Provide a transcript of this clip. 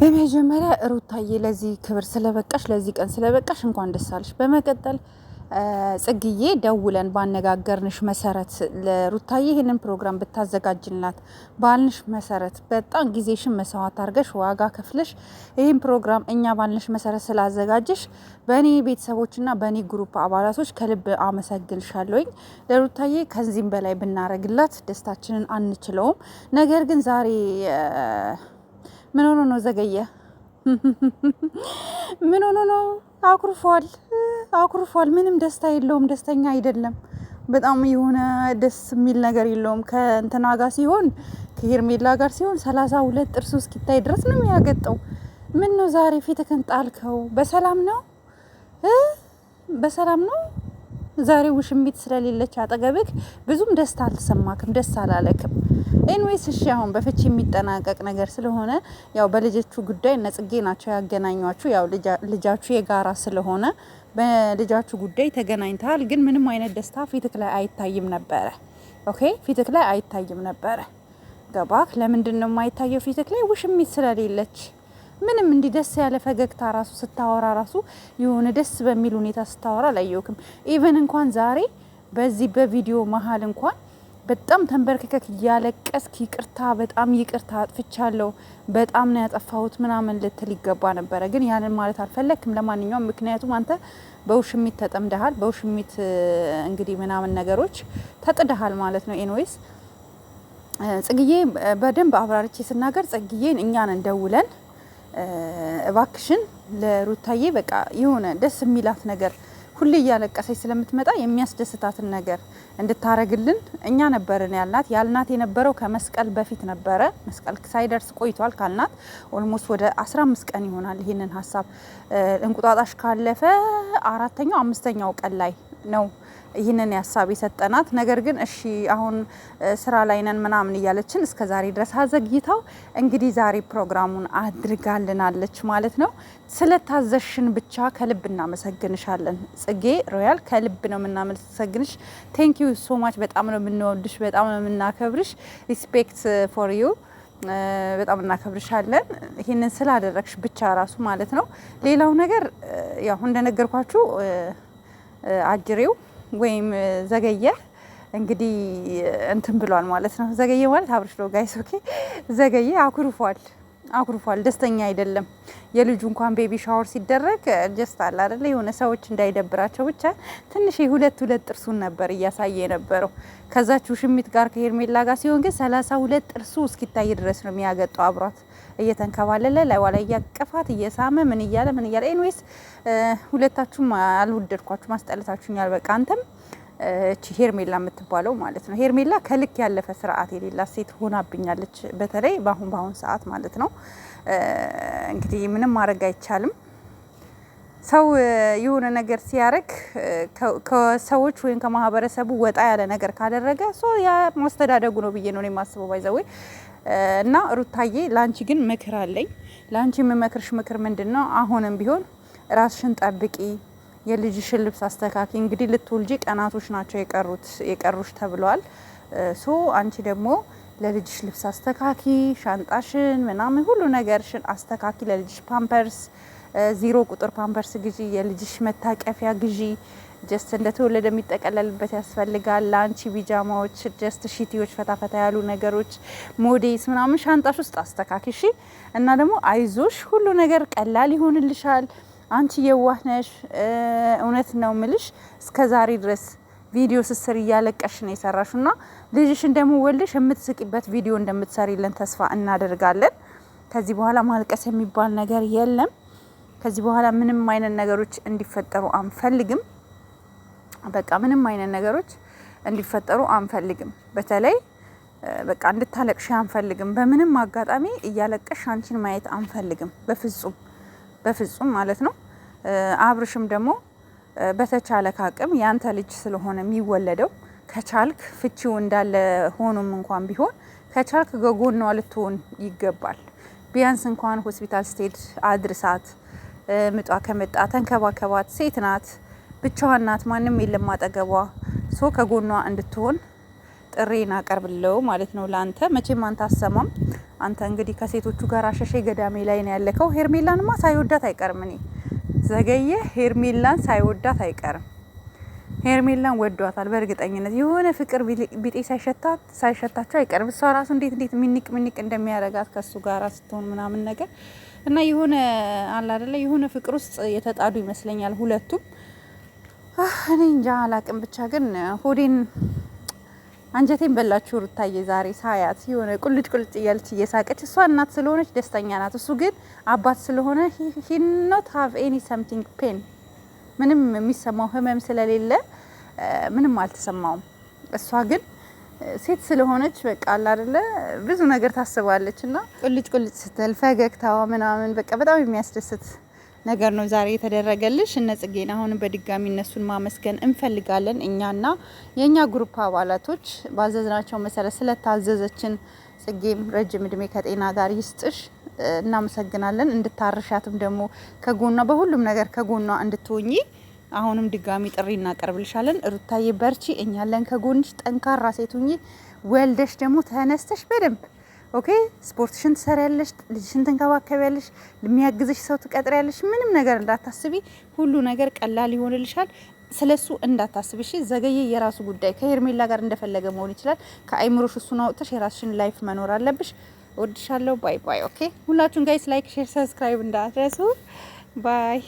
በመጀመሪያ ሩታዬ ለዚህ ክብር ስለበቃሽ ለዚህ ቀን ስለበቃሽ እንኳን ደስ አለሽ። በመቀጠል ጽግዬ ደውለን ባነጋገርንሽ መሰረት ለሩታዬ ይህንን ፕሮግራም ብታዘጋጅላት ባልንሽ መሰረት በጣም ጊዜሽን መስዋዕት አድርገሽ ዋጋ ከፍለሽ ይህን ፕሮግራም እኛ ባልንሽ መሰረት ስላዘጋጀሽ በእኔ ቤተሰቦችና በእኔ ግሩፕ አባላቶች ከልብ አመሰግንሻለሁኝ። ለሩታዬ ከዚህም በላይ ብናረግላት ደስታችንን አንችለውም። ነገር ግን ዛሬ ምን ሆኖ ነው ዘገየ? ምን ሆኖ ነው? አኩርፏል፣ አኩርፏል። ምንም ደስታ የለውም፣ ደስተኛ አይደለም። በጣም የሆነ ደስ የሚል ነገር የለውም። ከእንትና ጋር ሲሆን ከሄርሜላ ጋር ሲሆን ሰላሳ ሁለት ጥርሱ እስኪታይ ድረስ ነው የሚያገጠው። ምን ነው ዛሬ ፊትህን ጣልከው? በሰላም ነው? በሰላም ነው ዛሬ ውሽሚት ስለሌለች አጠገብክ ብዙም ደስታ አልተሰማክም፣ ደስ አላለክም። ኤንዌይስ እሺ፣ አሁን በፍቺ የሚጠናቀቅ ነገር ስለሆነ ያው በልጆቹ ጉዳይ ነጽጌ ናቸው ያገናኟችሁ። ያው ልጃችሁ የጋራ ስለሆነ በልጃችሁ ጉዳይ ተገናኝተሃል። ግን ምንም አይነት ደስታ ፊትክ ላይ አይታይም ነበረ። ኦኬ፣ ፊትክ ላይ አይታይም ነበረ። ገባክ? ለምንድን ነው የማይታየው ፊትክ ላይ? ውሽሚት ስለሌለች ምንም እንዲህ ደስ ያለ ፈገግታ ራሱ ስታወራ ራሱ የሆነ ደስ በሚል ሁኔታ ስታወራ አላየውክም። ኢቨን እንኳን ዛሬ በዚህ በቪዲዮ መሀል እንኳን በጣም ተንበርክከክ እያለቀስክ ይቅርታ፣ በጣም ይቅርታ አጥፍቻለሁ፣ በጣም ነው ያጠፋሁት ምናምን ልትል ይገባ ነበረ። ግን ያንን ማለት አልፈለግክም። ለማንኛውም ምክንያቱም አንተ በውሽሚት ተጠምደሃል፣ በውሽሚት እንግዲህ ምናምን ነገሮች ተጥደሃል ማለት ነው። ኤንዌይስ ጽግዬ በደንብ አብራርቼ ስናገር ጽግዬን እኛን እንደውለን እባክሽን ለሩታዬ በቃ የሆነ ደስ የሚላት ነገር ሁሌ እያለቀሰች ስለምትመጣ የሚያስደስታትን ነገር እንድታረግልን እኛ ነበርን ያልናት። ያልናት የነበረው ከመስቀል በፊት ነበረ። መስቀል ሳይደርስ ቆይቷል ካልናት ኦልሞስት ወደ 15 ቀን ይሆናል። ይህንን ሀሳብ እንቁጣጣሽ ካለፈ አራተኛው አምስተኛው ቀን ላይ ነው ይህንን ሀሳብ የሰጠናት። ነገር ግን እሺ አሁን ስራ ላይ ነን ምናምን እያለችን እስከ ዛሬ ድረስ አዘግይተው እንግዲህ ዛሬ ፕሮግራሙን አድርጋልናለች ማለት ነው። ስለታዘሽን ብቻ ከልብ እናመሰግንሻለን ጽጌ ሮያል፣ ከልብ ነው የምናመሰግንሽ። ቴንክ ዩ ሶ ማች። በጣም ነው የምንወዱሽ፣ በጣም ነው የምናከብርሽ። ሪስፔክት ፎር ዩ በጣም እናከብርሻለን። ይህንን ስላደረግሽ ብቻ ራሱ ማለት ነው። ሌላው ነገር ያው እንደነገርኳችሁ አጅሬው ወይም ዘገየ እንግዲህ እንትን ብሏል ማለት ነው። ዘገየ ማለት አብርሽ ጋይስ። ኦኬ፣ ዘገየ አኩርፏል አኩርፏል፣ ደስተኛ አይደለም። የልጁ እንኳን ቤቢ ሻወር ሲደረግ ጀስት አለ አደለ የሆነ ሰዎች እንዳይደብራቸው ብቻ ትንሽ ሁለት ሁለት ጥርሱን ነበር እያሳየ የነበረው። ከዛችሁ ሽሚት ጋር ከሄርሜላ ጋር ሲሆን ግን ሰላሳ ሁለት ጥርሱ እስኪታይ ድረስ ነው የሚያገጠው። አብሯት እየተንከባለለ ላይዋ ላይ እያቀፋት እየሳመ ምን እያለ ምን እያለ ኤንዌስ፣ ሁለታችሁም አልወደድኳችሁ፣ ማስጠለታችሁኛል። በቃ አንተም እቺ ሄርሜላ የምትባለው ማለት ነው። ሄርሜላ ከልክ ያለፈ ስርዓት የሌላት ሴት ሆናብኛለች፣ በተለይ በአሁን በአሁን ሰዓት ማለት ነው። እንግዲህ ምንም ማድረግ አይቻልም። ሰው የሆነ ነገር ሲያደርግ ከሰዎች ወይም ከማህበረሰቡ ወጣ ያለ ነገር ካደረገ ያ ማስተዳደጉ ነው ብዬ ነው የማስበው። ባይዘዌ እና ሩታዬ፣ ለአንቺ ግን ምክር አለኝ። ለአንቺ የምመክርሽ ምክር ምንድን ነው? አሁንም ቢሆን ራስሽን ጠብቂ የልጅሽን ልብስ አስተካኪ። እንግዲህ ልትወልጂ ቀናቶች ናቸው የቀሩት የቀሩሽ ተብሏል። ሶ አንቺ ደግሞ ለልጅሽ ልብስ አስተካኪ፣ ሻንጣሽን ምናምን ሁሉ ነገርሽን አስተካኪ። ለልጅሽ ፓምፐርስ ዚሮ ቁጥር ፓምፐርስ ግዢ፣ የልጅሽ መታቀፊያ ግዢ። ጀስት እንደተወለደ የሚጠቀለልበት ያስፈልጋል። ለአንቺ ቢጃማዎች፣ ጀስት ሺቲዎች፣ ፈታፈታ ያሉ ነገሮች፣ ሞዴስ ምናምን ሻንጣሽ ውስጥ አስተካኪ እሺ። እና ደግሞ አይዞሽ፣ ሁሉ ነገር ቀላል ይሆንልሻል። አንቺ የዋህ ነሽ፣ እውነት ነው ምልሽ እስከ ዛሬ ድረስ ቪዲዮ ስስር እያለቀሽ ነው የሰራሽ እና ልጅሽ ደግሞ የምትስቂበት ቪዲዮ እንደምትሰሪልን ተስፋ እናደርጋለን። ከዚህ በኋላ ማልቀስ የሚባል ነገር የለም። ከዚህ በኋላ ምንም አይነት ነገሮች እንዲፈጠሩ አንፈልግም። በቃ ምንም አይነት ነገሮች እንዲፈጠሩ አንፈልግም። በተለይ በቃ እንድታለቅሽ አንፈልግም። በምንም አጋጣሚ እያለቀሽ አንቺን ማየት አንፈልግም በፍጹም። በፍጹም ማለት ነው። አብርሽም ደግሞ በተቻለ ካቅም ያንተ ልጅ ስለሆነ የሚወለደው ከቻልክ ፍቺው እንዳለ ሆኖም እንኳን ቢሆን ከቻልክ ከጎኗ ልትሆን ይገባል። ቢያንስ እንኳን ሆስፒታል ስትሄድ አድርሳት፣ ምጧ ከመጣ ተንከባከባት። ሴት ናት፣ ብቻዋን ናት፣ ማንም የለም አጠገቧ። ሶ ከጎኗ እንድትሆን ጥሬን አቀርብለው ማለት ነው ለአንተ። መቼም አንተ አሰማም። አንተ እንግዲህ ከሴቶቹ ጋር አሸሼ ገዳሜ ላይ ነው ያለከው። ሄርሜላንማ ሳይወዳት አይቀርም። እኔ ዘገየ ሄርሜላን ሳይወዳት አይቀርም። ሄርሜላን ወዷታል በእርግጠኝነት። የሆነ ፍቅር ቢጤ ሳይሸታት ሳይሸታቸው አይቀርም። እሷ ራሱ እንዴት እንዴት ሚኒቅ ሚኒቅ እንደሚያረጋት ከሱ ጋር ስትሆን ምናምን ነገር እና የሆነ አለ አይደለ የሆነ ፍቅር ውስጥ የተጣዱ ይመስለኛል ሁለቱም። እኔ እንጃ አላቅም። ብቻ ግን ሆዴን አንጀቴን በላችሁ ሩታዬ። ዛሬ ሳያት የሆነ ቁልጭ ቁልጭ እያለች እየሳቀች እሷ እናት ስለሆነች ደስተኛ ናት። እሱ ግን አባት ስለሆነ ሂ ኖት ሀቭ ኤኒ ሰምቲንግ ፔን፣ ምንም የሚሰማው ህመም ስለሌለ ምንም አልተሰማውም። እሷ ግን ሴት ስለሆነች በቃ አለ አይደለ ብዙ ነገር ታስባለች እና ቁልጭ ቁልጭ ስትል ፈገግታዋ ምናምን በቃ በጣም የሚያስደስት ነገር ነው ዛሬ የተደረገልሽ። እነ ጽጌን አሁን በድጋሚ እነሱን ማመስገን እንፈልጋለን። እኛና የእኛ ግሩፕ አባላቶች ባዘዝናቸው መሰረት ስለታዘዘችን ጽጌም ረጅም እድሜ ከጤና ጋር ይስጥሽ። እናመሰግናለን። እንድታርሻትም ደግሞ ከጎኗ በሁሉም ነገር ከጎኗ እንድትሆኚ አሁንም ድጋሚ ጥሪ እናቀርብልሻለን። ሩታዬ በርቺ፣ እኛለን ከጎንሽ። ጠንካራ ሴቱኝ ወልደሽ ደግሞ ተነስተሽ በደንብ ኦኬ ስፖርትሽን ትሰሪያለሽ፣ ልጅሽን ትንከባከቢያለሽ፣ የሚያግዝሽ ሰው ትቀጥሪያለሽ። ምንም ነገር እንዳታስቢ፣ ሁሉ ነገር ቀላል ይሆንልሻል። ስለሱ እንዳታስብ እሺ። ዘገየ የራሱ ጉዳይ፣ ከሄርሜላ ጋር እንደፈለገ መሆን ይችላል። ከአይምሮሽ እሱን አውጥተሽ የራስሽን ላይፍ መኖር አለብሽ። ወድሻለሁ። ባይ ባይ። ኦኬ ሁላችሁን ጋይስ ላይክ፣ ሼር፣ ሰብስክራይብ እንዳትረሱ። ባይ